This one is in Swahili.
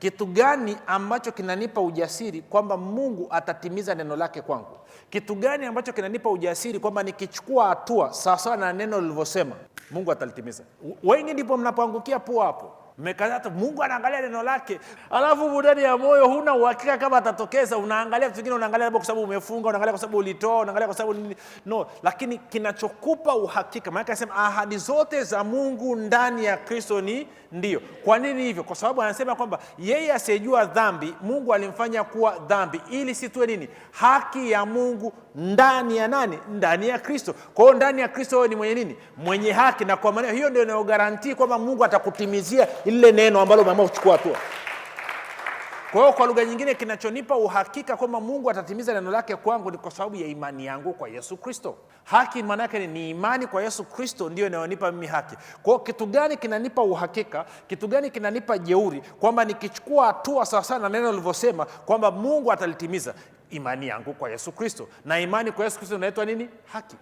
Kitu gani ambacho kinanipa ujasiri kwamba Mungu atatimiza neno lake kwangu? Kitu gani ambacho kinanipa ujasiri kwamba nikichukua hatua sawasawa na neno lilivyosema Mungu atalitimiza? Wengi ndipo mnapoangukia pua hapo mmekataa tu. Mungu anaangalia neno lake, alafu ndani ya moyo huna uhakika kama atatokeza. Unaangalia vitu vingine, unaangalia labda kwa sababu umefunga, unaangalia kwa sababu ulitoa, unaangalia kwa sababu nini, no. Lakini kinachokupa uhakika, maana anasema ahadi zote za Mungu ndani ya Kristo ni ndio. Kwa nini hivyo? Kwa sababu anasema kwamba yeye asiyejua dhambi Mungu alimfanya kuwa dhambi ili situe nini, haki ya Mungu ndani ya nani? Ndani ya Kristo. Kwa hiyo ndani ya Kristo wewe ni mwenye nini? Mwenye haki, na kwa maana hiyo ndio inayogarantii kwamba Mungu atakutimizia lile neno ambalo umeamua kuchukua hatua. Kwa hiyo kwa lugha nyingine, kinachonipa uhakika kwamba Mungu atatimiza neno lake kwangu ni kwa sababu ya imani yangu kwa Yesu Kristo. Haki maana yake ni imani kwa Yesu Kristo ndiyo inayonipa mimi haki. kwao kitu gani kinanipa uhakika? Kitu gani kinanipa jeuri kwamba nikichukua hatua sawasawa na neno lilivyosema kwamba Mungu atalitimiza? Imani yangu kwa Yesu Kristo, na imani kwa Yesu Kristo inaitwa nini? Haki.